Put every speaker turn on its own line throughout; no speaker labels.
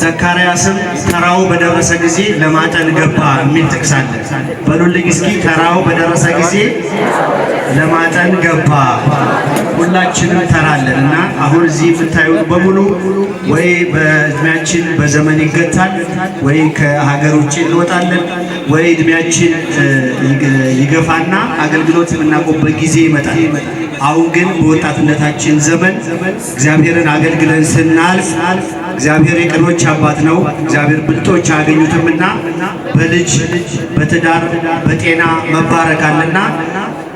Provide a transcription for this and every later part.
ዘካርያስም ተራው በደረሰ ጊዜ ለማጠን ገባ የሚል ጥቅስ አለ። በሉልኝ እስኪ ተራው በደረሰ ጊዜ ለማጠን ገባ። ሁላችንም ተራለን እና አሁን እዚህ የምታዩት በሙሉ ወይ በእድሜያችን በዘመን ይገታል፣ ወይ ከሀገር ውጭ እንወጣለን፣ ወይ እድሜያችን ይገፋና አገልግሎት የምናቆበት ጊዜ ይመጣል። አሁን ግን በወጣትነታችን ዘመን እግዚአብሔርን አገልግለን ስናልፍ እግዚአብሔር የቅኖች አባት ነው። እግዚአብሔር ብልቶች አያገኙትምና በልጅ በትዳር በጤና መባረካልና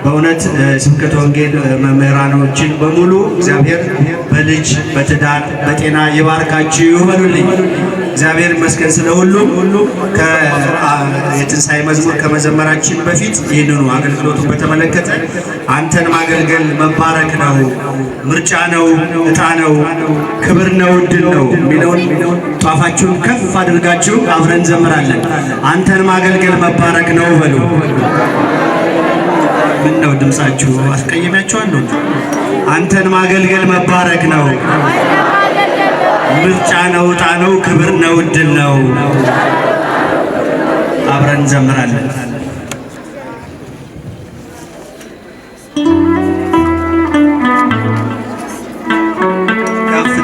በእውነት ስብከተ ወንጌል መምህራኖችን በሙሉ እግዚአብሔር በልጅ በትዳር በጤና ይባርካችሁ ይበሉልኝ። እግዚአብሔር ይመስገን ስለ ሁሉም የትንሣኤ መዝሙር ከመዘመራችን በፊት ይህንኑ አገልግሎቱን በተመለከተ አንተን ማገልገል መባረክ ነው፣ ምርጫ ነው፣ እጣ ነው፣ ክብር ነው፣ እድል ነው የሚለውን ጧፋችሁን ከፍ አድርጋችሁ አብረን እንዘምራለን። አንተን ማገልገል መባረክ ነው በሉ። ምን ነው ድምፃችሁ? አስቀይሚያችኋለሁ? አንተን ማገልገል መባረክ ነው፣ ምርጫ ነው፣ ዕጣ ነው፣ ክብር ነው፣ እድል ነው። አብረን እንዘምራለን። ከፍ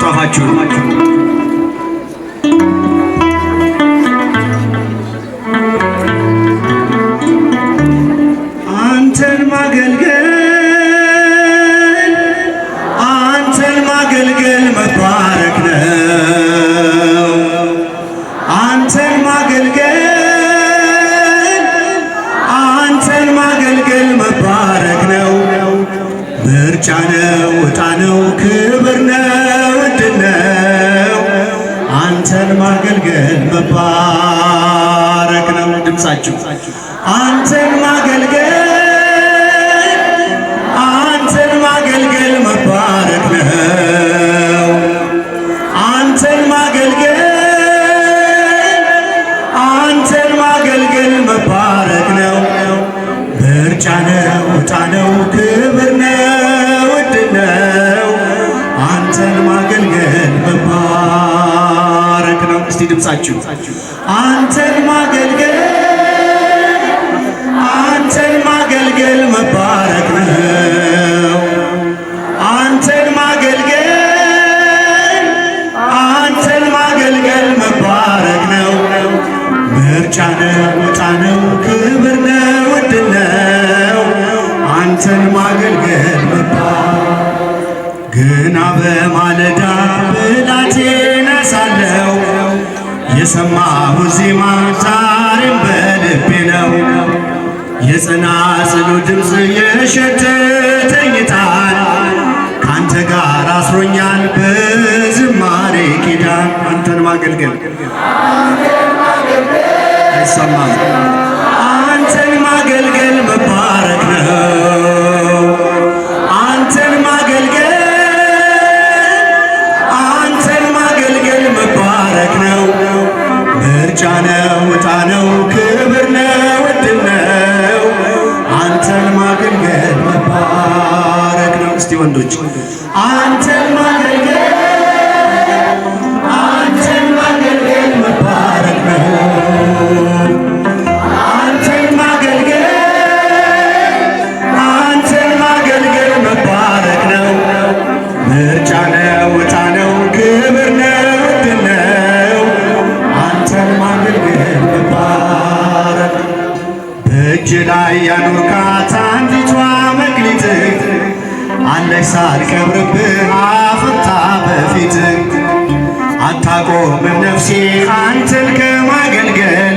እስቲ ድምጻችሁ አንተን ማገልገል አንተን ማገልገል መባረክ ነው። አንተን ማገልገል አንተን ማገልገል መባረክ ነው። ምርጫ ነው፣ ወጣ ነው፣ ክብር ነው፣ እድል ነው። አንተን ማገልገል ገና በማለዳ ብላቴ ነሳለው የሰማሁ ዜማ ዛሬም በልቤ ነው የጸናጽሉ ድምፅ የሸተተኝ ከአንተ ጋር አስሮኛል በዝማሬ ኪዳን አንተን ማገልገል አይሰማም አንተን ማገልገል መባረክ ነው አንተን ማገልገል አንተን ማገልገል መባረክ ነው ብቻ ነው ዕጣ ነው ክብር ነው እድል ነው አንተን ማገልገል መባረክ ነው። እስቲ ወንዶች
አንተን ማገልገል
እንዳልከብርብህ አፍታ በፊት አታቆምም ነፍሴ አንተን ከማገልገል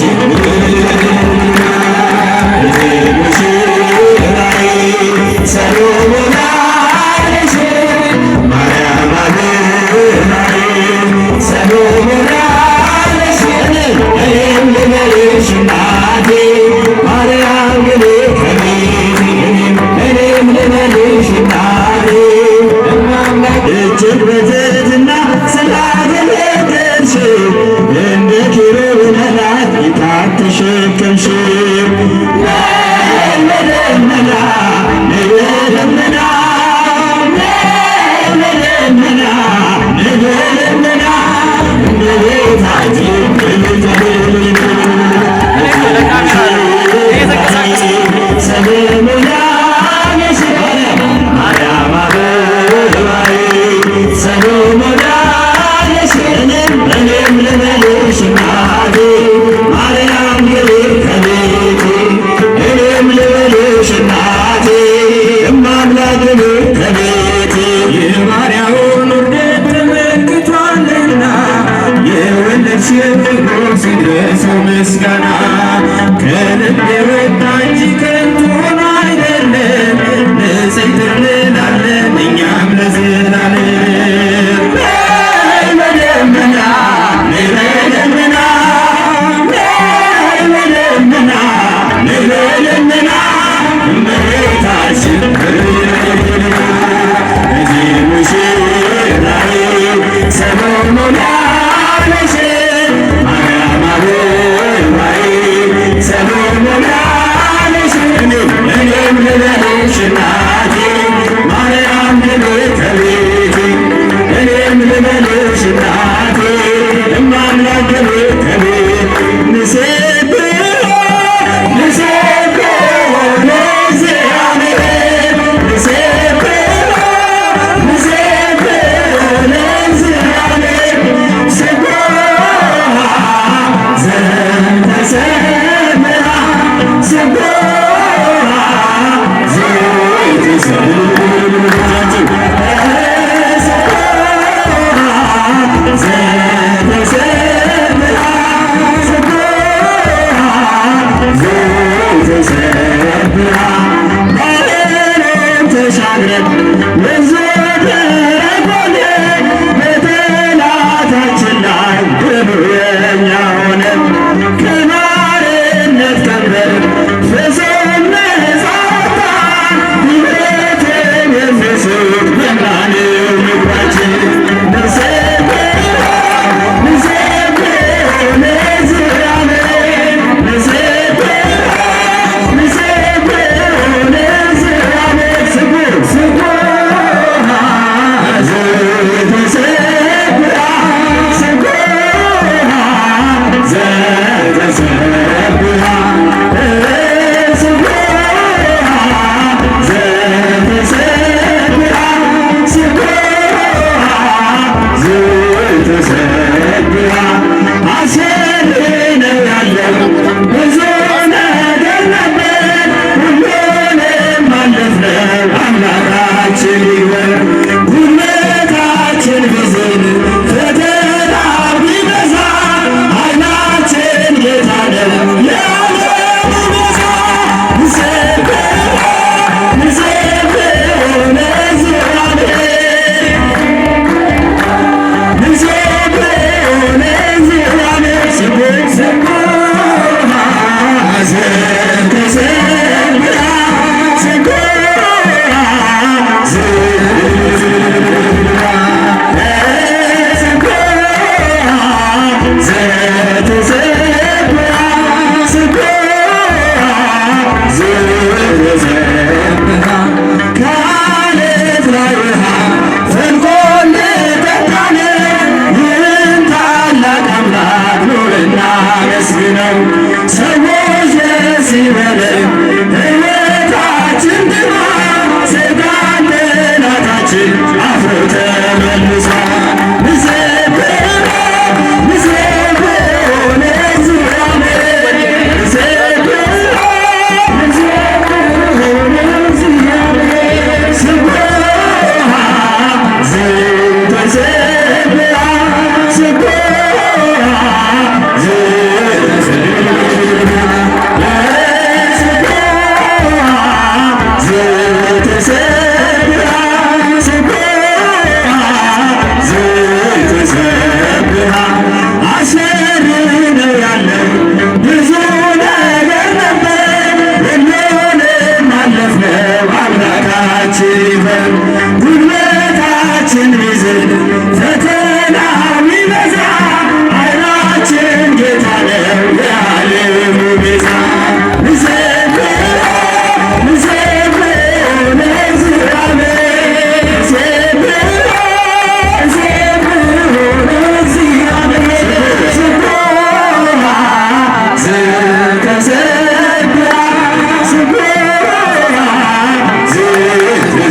Brasil. 哎。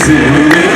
Segurei